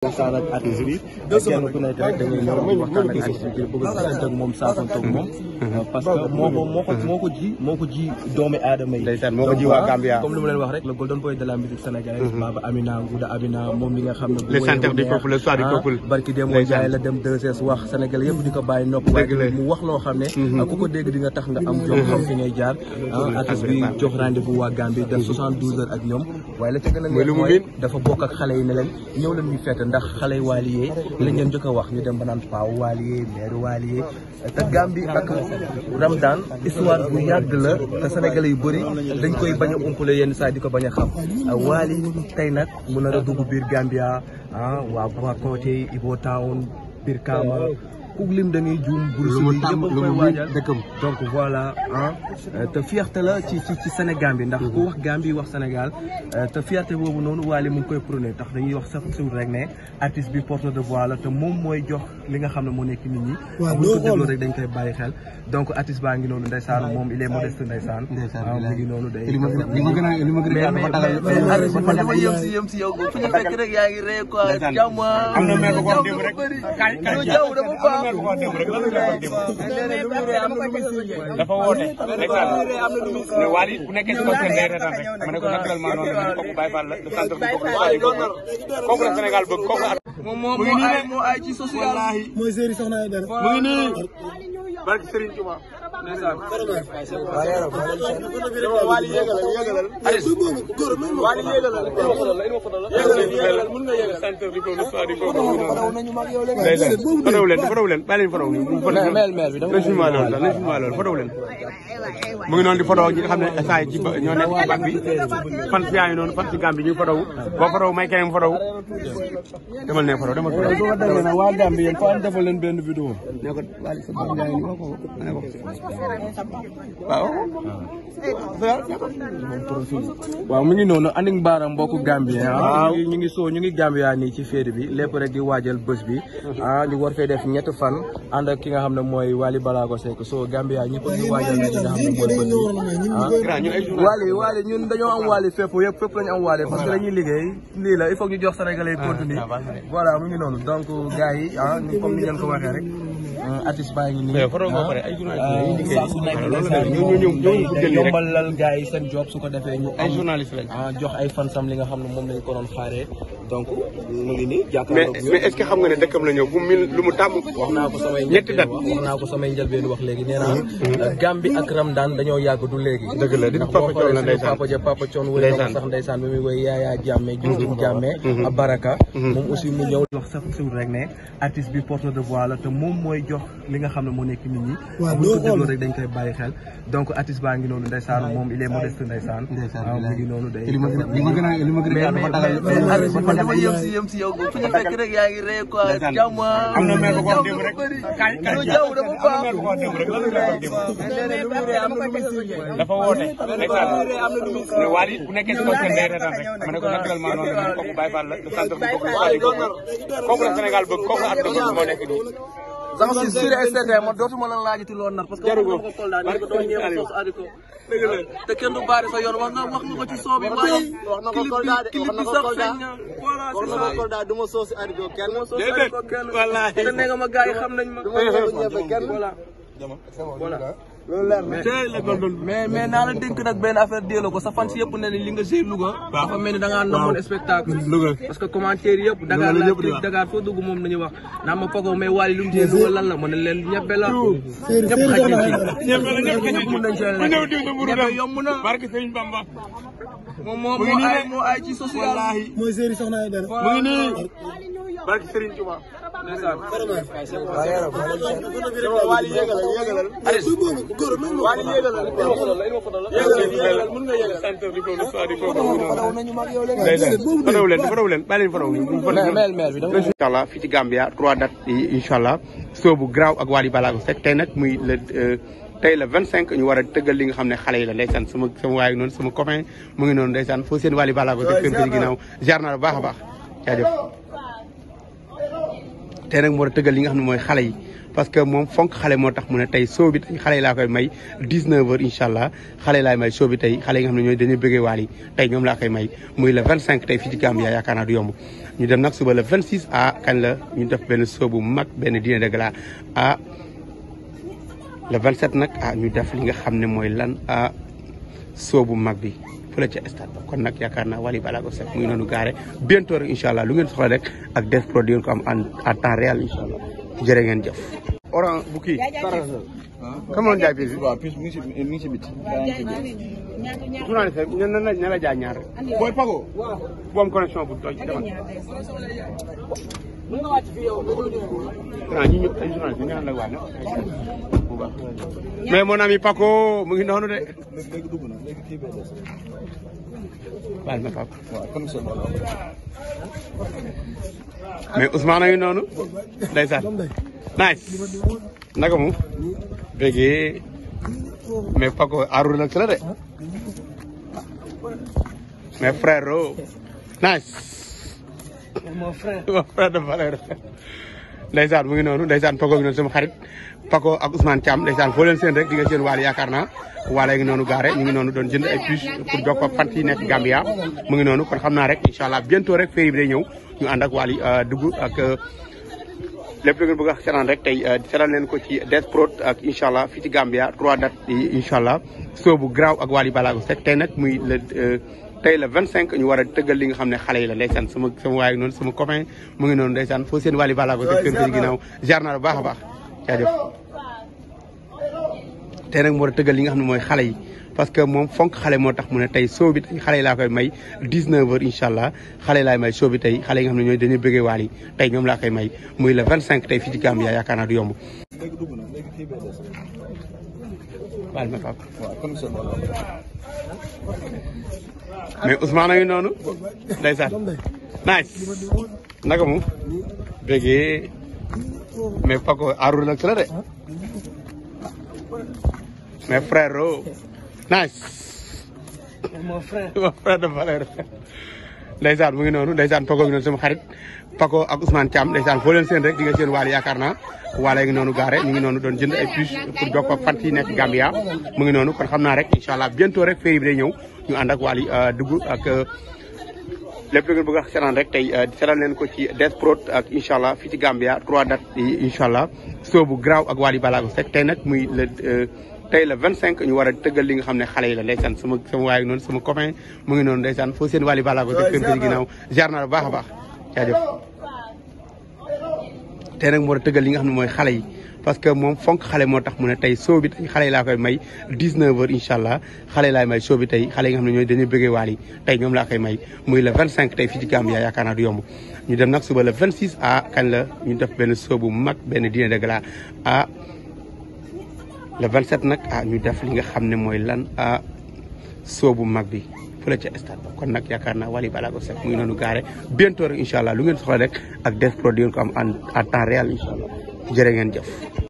waxtaan ak artiste bi kenn ku nekk rek dañuy ñëw waxtaan ak artiste bi bëgg a la musique sénégalaise Baba Amina Ngouda Amina moom mi nga xam ne le centre du peuple le soir du peuple ah, barki dem mooy jaay la dem 2S wax Sénégal yëpp di ko bàyyi nopp waaye mu wax loo ne mhm. ku ah, mhm. a dafa bokk ak xale yi ne leen ñëw leen ñu ndax xale yi waaliye li ngeen jëkk a wax ñu dem ba naan paaw waaliye maire waaliye te Gambie ak Ramadan histoire bu yàgg la te sénégalais yu bëri dañ koy bañ a umpale yenn saa di ko bañ a xam waali tey nag mu nar a dugg biir Gambia ah waa Babaconte Ibo Town biir Kaama ku lim da ngay juum. lu mu euh, la ci ci ci bi ndax ku mhm. wax Gambie wax Sénégal euh, te fierté boobu noonu Wally mu ngi koy prôné tax dañuy wax sax suuf rek bi porte de voix la te moom jox li nga xam ne moo nekk nit ñi. waaw bu ñu dañ koy bàyyi xel donc artiste baa ngi noonu ndeysaan moom il est modeste ndeysaan. ndeysaan ah, mu ngi noonu day. li ma gën a li ma gën a li ma gën a dafa dalal. ngeen ko waxoon démb rek lan la ñu dafa woote rek ne Wally bu nekkee ci conseil day reetaan rek ma ne ko naturellement noonu la kooku Baye Fall la le centre bi kooku la Sénégal bëgg kooku la. moom moo moo ay mooy séeri soxna ay waaye yéegalal yéegalal. Aris góor mën nga yéegalal. fotow leen fotow leen bàyyi leen fotow. fotow leen mu ngi noon di fotow ñi nga xam ne saa yi ci ñoo nekk ci bàq bi fan si yaay noonu fan si Gambie ñu fotow boo fotow may keneen fotow demal ne fotow demal fotow. waa Gambie yéen fa defal leen benn vidéo. waaw. waaw mu ngi noonu andi mbaara mbokku Gambien ah. ñu ngi soo ñu ngi Gambia nii ci féeri bi lépp rek di waajal bës bi. ah ñu war fee def ñetti fan ànd ki nga xam ne mooy Wally Ballago Seck soo Gambia ñëpp ñu waajal li nga xam ne mooy bés ah. yëpp fépp lañu am Wally parce que dañuy liggéey lii la il faut ñu jox Sénégalais yi continuer ah, voilà mu ngi noonu donc gars ah, comme ni ngeen ko waxee rek. Euh, artiste baa ngi nii. Ah, saa su nekk ah, day yombalal gars yi seen job su ko defee ñu. ay ah, jox ay fansam li nga xam ne moom lañ ko doon xaaree donc mu ngi nii jàkkaarloo mais mais xam nga ne dëkkam la ñëw bu mil lu mu naa ko samay ñetti dat wax wax léegi nee naa. Mm-hmm. Euh, Gambi ak Ramdan dañoo yàgg du léegi. dëgg la di Papa Thion la ndeysaan Papa Thion Papa Thion wëy na sax ndeysaan bi muy wëy Yaya Jammeh Diouf mm-hmm. Jammeh mm-hmm. Baraka moom aussi mu ñëw sax suuf rek ne artiste bi porte de voix la te moom mooy jox li nga xam ne moo nekk nit ñi bu ñu ko dégloo rek dañ koy bàyyi xel donc artiste baa ngi noonu ndeysaan moom il est modeste ndeysaan waaw ah, mu ngi noonu day li ma gën a li ma gën a dafa yëm si yëm si yow fu ñu fekk rek yaa ngi ree quoi jàmm am na mère bu ko démb rek kaay kaay jàmm dafa baax dafa woote ne waa li bu nekkee ci ko seen reetaan rek ma ne ko naturellement noonu la kooku bàyyi baal la le centre bi kooku la Sénégal bëgg kooku at moo nekk nii j'en suis sûr et certain man dootuma la laajati loo nar parce que jarul ko ah, te kenn du baari sa yoon wax nga wax nga ko ci soobi wax na ko soldat de wax na ko soldat wax na ko soldat du ma soosi arigo kenn ma soosi arigo kenn wallaahi te ne nga ma gars yi xam nañ ma du ma soosi ñebe kenn voilà loolu leer na mais mais naa la dénk nag benn affaire déelo ko sa fan si yëpp ne li nga géy Louga dafa mel ni da ngaa namoon parce que commentaire yëpp Dakar la Dakar moom nañu wax naa ma Paco mais Wally lu lan la ma ne leen yomb na barke Sëriñ Bamba moom moo moo ay mooy séeri soxna ay dara barke Sëriñ Tuubaa incha allah fii ci Gambia trois dates yi incha allah soobu graw ak Wally Ballago Seck tey nag muy le tey la vingt cinq ñu war a tëggal li nga xam ne xale yi la ndeysaan suma sama waaye noonu suma copain mu ngi noonu ndeysaan foo seen Wally Ballago Seck seen ginnaaw jaar naa baax a baax tey nag moo a tëggal li nga xam ne mooy xale yi parce que moom fonk xale moo tax mu ne tey soo bi tey xale yi laa koy may 19 heures incha allah xale yi laay may soo bi tey xale yi nga xam ne ñooy dañuy bëggee waal yi tey may muy le 25 tey fii ci Gambia yaakaar naa du yomb ñu nag suba le 26 ah kañ la ñu def benn soo bu mag benn dîner de gala ah le 27 nag ah ñu def li nga xam ne mooy lan ah bu mag bi fële ca stade kon nag yaakaar naa Wally Ballago Seck muy noonu gaare bientôt rek incha allah lu ngeen soxla rek ak def produit ko am temps réel incha allah jërë ngeen jëf. orange bu kii. kamoon jaay piis bi. waaw piis mi ngi si mi ngi si biti. su ma la jaay ñaar rek. booy pago. bu am bu toj demal. ah ñi ñëpp ay journaliste mu ngi noonu de. baal ma Paco. mais Ousmane ngi noonu. ndeysaan. nice naka mu bégee mais Paco aaru la de mais frère oh nice. mon frère mu ngi noonu ndeysaan Paco ngi noonu sama xarit Paco ak Ousmane Thiam ndeysaan foo leen seen rek di seen waale yaakaar na waale ngi noonu gaare ñu ngi noonu doon jënd ay puces pour jokkoo yi nekk Gambia mu ngi noonu kon xam naa rek incha allah bientôt rek féeri bi day ñëw ñu ànd ak waali euh, dugg ak. Euh, lépp lu ngeen bëgg a seetaan rek tey seetaan euh, leen ko ci DS Prod ak incha allah fii ci Gambia trois dates yi incha allah bu garaaw ak Wally Ballago Seck tey nag muy le euh, tey la 25 ñu war a tëggal li nga xam ne xale yi la ndeysaan sama sama waay ak noonu suma copain mu ngi noonu ndeysaan foo seen Wally Ballago Seck seen ci ginnaaw jaar baax a baax jaajëf tey nag mu war a tëggal li nga xam ne mooy xale yi parce que moom fonk xale moo tax mu ne tey soo bi tey xale yi laa koy may 19 heures incha allah xale laay may soo bi tey xale yi nga xam ne ñooy dañuy bëggee waal tey ñoom laa koy may muy le 25 tey fii ci Gambia a ngi noonu ndeysaan nice naka mu bëggee mais Paco aru la de mais frère oh. nice. mon mu ngi noonu ndeysaan Paco ngi noonu sama xarit Paco ak Ousmane Thiam ndeysaan foo leen seen rek di seen waale yaakaar naa waale ngi noonu gaare ñu ngi noonu doon jënd ay puces pour jokkoo ak nekk Gambia mu ngi noonu kon xam naa rek incha allah bientôt rek féey bi day ñëw ñu ànd ak waali euh, dugg ak euh, lépp lu ngeen bëgg a rek tey euh, seetaan leen ko ci Des Prod ak incha allah fii ci Gambia trois dates yi incha allah soo bu garaaw ak waali balaago nag muy tey la vingt cinq ñu war a tëggal li nga xam ne xale yi la ndeysaan sama sama waay noonu sama copain mu ngi noonu ndeysaan foo seen wàlli balaa ko def kër gi ginnaaw jaar naa bu baax a baax jaajëf tey nag moo li nga xam ne mooy xale yi parce que moom fonk xale moo tax mu ne tey soo bi tey xale yi laa koy may 19 heures incha allah xale yi laay may soo bi tey xale yi nga xam ne ñooy dañuy bëggee waal yi tey ñoom laa koy may muy le 25 tey fii ci Gambia yaakaar naa du yomb ñu dem nag suba le 26 ah la ñu def benn soo bu mag benn dîner de gala ah le 27 nag ah ñu def li nga xam ne mooy lan a ah, soobu mag bi fële ca stade ba kon nag yaakaar naa Wally Ballago Seck muy noonu gaare bientôt rek incha allah lu ngeen soxla rek ak def produit ko am en temps réel incha allah jërë ngeen jëf.